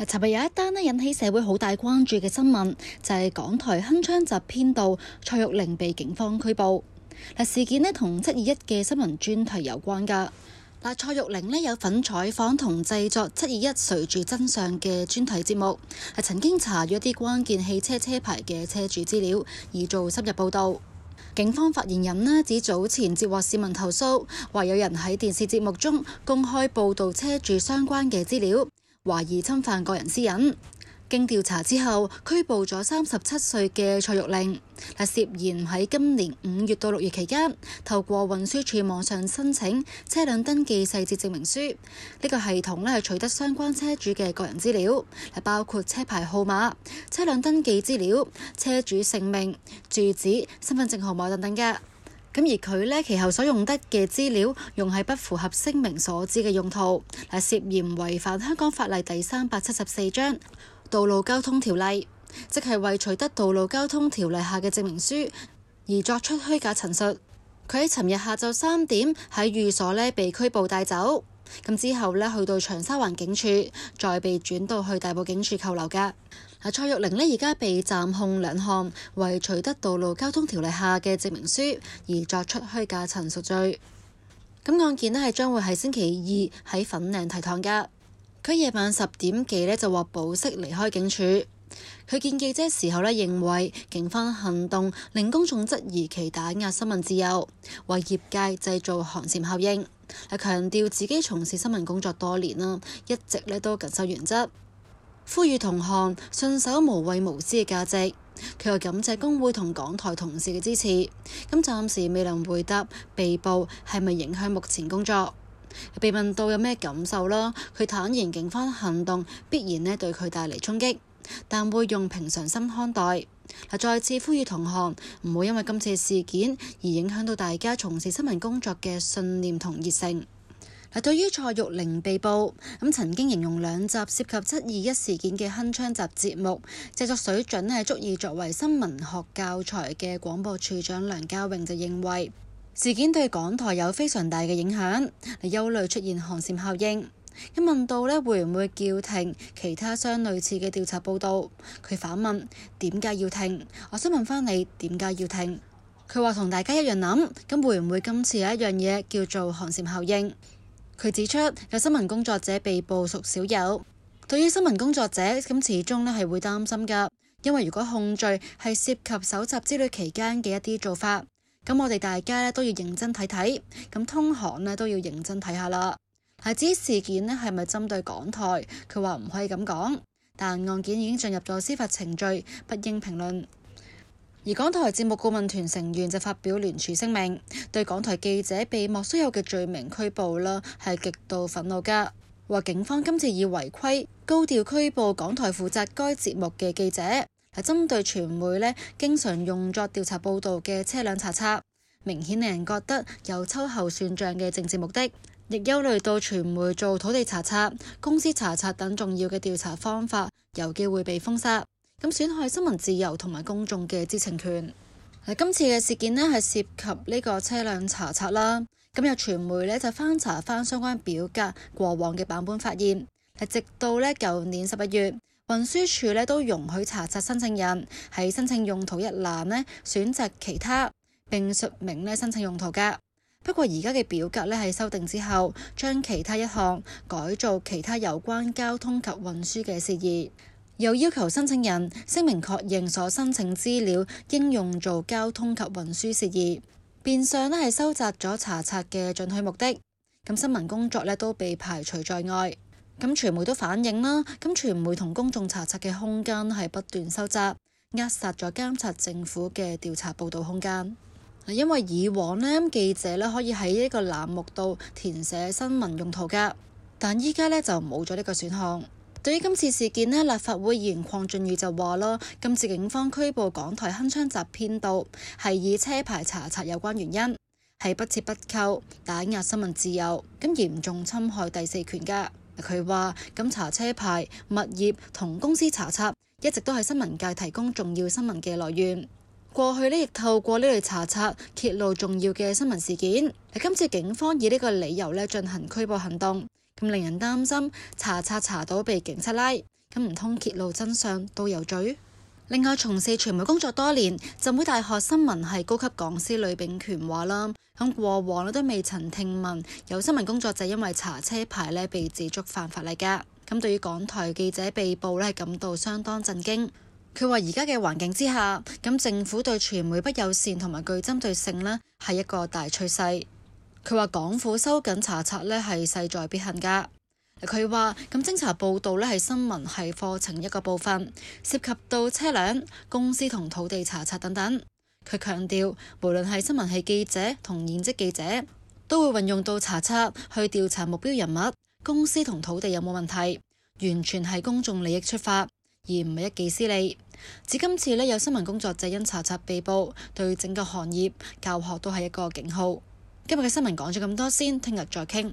嗱，尋日有一單咧引起社會好大關注嘅新聞，就係港台鏗鏘集編導蔡玉玲被警方拘捕。嗱，事件咧同七二一嘅新聞專題有關㗎。嗱，蔡玉玲咧有份採訪同製作七二一隨住真相嘅專題節目，係曾經查閱啲關鍵汽車車牌嘅車主資料而做深入報導。警方發言人咧指早前接獲市民投訴，話有人喺電視節目中公開報導車主相關嘅資料。懷疑侵犯個人私隱，經調查之後拘捕咗三十七歲嘅蔡玉玲。係涉嫌喺今年五月到六月期間透過運輸署網上申請車輛登記細節證明書呢、這個系統咧係取得相關車主嘅個人資料，係包括車牌號碼、車輛登記資料、車主姓名、住址、身份證號碼等等嘅。咁而佢呢，其後所用得嘅資料用係不符合聲明所知嘅用途，嗱，涉嫌違反香港法例第三百七十四章《道路交通條例》，即係為取得道路交通條例下嘅證明書而作出虛假陳述。佢喺尋日下晝三點喺寓所呢被拘捕帶走。咁之後呢，去到長沙灣警署，再被轉到去大埔警署扣留㗎。啊，蔡玉玲呢，而家被暫控兩項，為取得道路交通條例下嘅證明書而作出虛假陳述罪。咁案件呢，係將會喺星期二喺粉嶺提堂㗎。佢夜晚十點幾呢，就獲保釋離開警署。佢見記者時候呢，認為警方行動令公眾質疑其打壓新聞自由，為業界製造寒蟬效應。係強調自己從事新聞工作多年啦，一直咧都謹守原則，呼籲同行信守無畏無私嘅價值。佢又感謝工會同港台同事嘅支持。咁暫時未能回答被捕係咪影響目前工作。被問到有咩感受啦，佢坦言警方行動必然咧對佢帶嚟衝擊。但會用平常心看待。再次呼籲同行，唔會因為今次事件而影響到大家從事新聞工作嘅信念同熱誠。嗱， 對於蔡玉玲被捕，咁曾經形容兩集涉及七二一事件嘅鏗鏘集節目製作水準係足以作為新聞學教材嘅廣播處長梁家榮就認為，事件對港台有非常大嘅影響，嚟憂慮出現寒蟬效應。一問到咧會唔會叫停其他相類似嘅調查報導，佢反問點解要停？我想問返你點解要停？佢話同大家一樣諗，咁會唔會今次有一樣嘢叫做寒蟬效應？佢指出有新聞工作者被捕屬少有，對於新聞工作者咁始終咧係會擔心噶，因為如果控罪係涉及搜集資料期間嘅一啲做法，咁我哋大家咧都要認真睇睇，咁同行咧都要認真睇下啦。係指事件呢，係咪針對港台？佢話唔可以咁講，但案件已經進入咗司法程序，不應評論。而港台節目顧問團成員就發表聯署聲明，對港台記者被莫須有嘅罪名拘捕啦，係極度憤怒噶。話警方今次以違規高調拘捕港台負責該節目嘅記者，係針對傳媒咧，經常用作調查報道嘅車輛查冊，明顯令人覺得有秋後算賬嘅政治目的。亦憂慮到傳媒做土地查冊、公司查冊等重要嘅調查方法，有機會被封殺，咁損害新聞自由同埋公眾嘅知情權。今次嘅事件呢，係涉及呢個車輛查冊啦，咁有傳媒呢，就翻查返相關表格過往嘅版本，發現係直到呢舊年十一月，運輸署呢都容許查冊申請人喺申請用途一欄呢選擇其他並説明呢申請用途㗎。不過，而家嘅表格咧係修訂之後，將其他一項改做其他有關交通及運輸嘅事宜，又要求申請人聲明確認所申請資料應用做交通及運輸事宜，變相咧係收集咗查冊嘅進去目的。咁新聞工作咧都被排除在外。咁傳媒都反映啦，咁傳媒同公眾查冊嘅空間係不斷收窄，壓殺咗監察政府嘅調查報導空間。因為以往呢，記者咧可以喺呢個欄目度填寫新聞用途㗎，但依家呢，就冇咗呢個選項。對於今次事件咧，立法會議員鄺俊宇就話咯：今次警方拘捕港台鏗鏘集編導，係以車牌查冊有關原因，係不折不扣，打壓新聞自由，咁嚴重侵害第四權㗎。佢話咁查車牌、物業同公司查冊，一直都係新聞界提供重要新聞嘅來源。過去呢亦透過呢類查冊揭露重要嘅新聞事件，喺今次警方以呢個理由咧進行拘捕行動，咁令人擔心查冊查到被警察拉，咁唔通揭露真相都有罪？另外，從事傳媒工作多年、浸會大學新聞系高級講師呂炳權話啦，咁過往咧都未曾聽聞有新聞工作者因為查車牌咧被指觸犯法例嘅，咁對於港台記者被捕咧感到相當震驚。佢話：而家嘅環境之下，咁政府對傳媒不友善同埋具針對性呢，係一個大趨勢。佢話港府收緊查冊呢，係勢在必行㗎。佢話：咁偵查報道呢，係新聞系課程一個部分，涉及到車輛、公司同土地查冊等等。佢強調，無論係新聞系記者同現職記者，都會運用到查冊去調查目標人物、公司同土地有冇問題，完全係公眾利益出發。而唔係一己私利。至今次呢，有新聞工作者因查冊被捕，對整個行業教學都係一個警號。今日嘅新聞講咗咁多先，聽日再傾。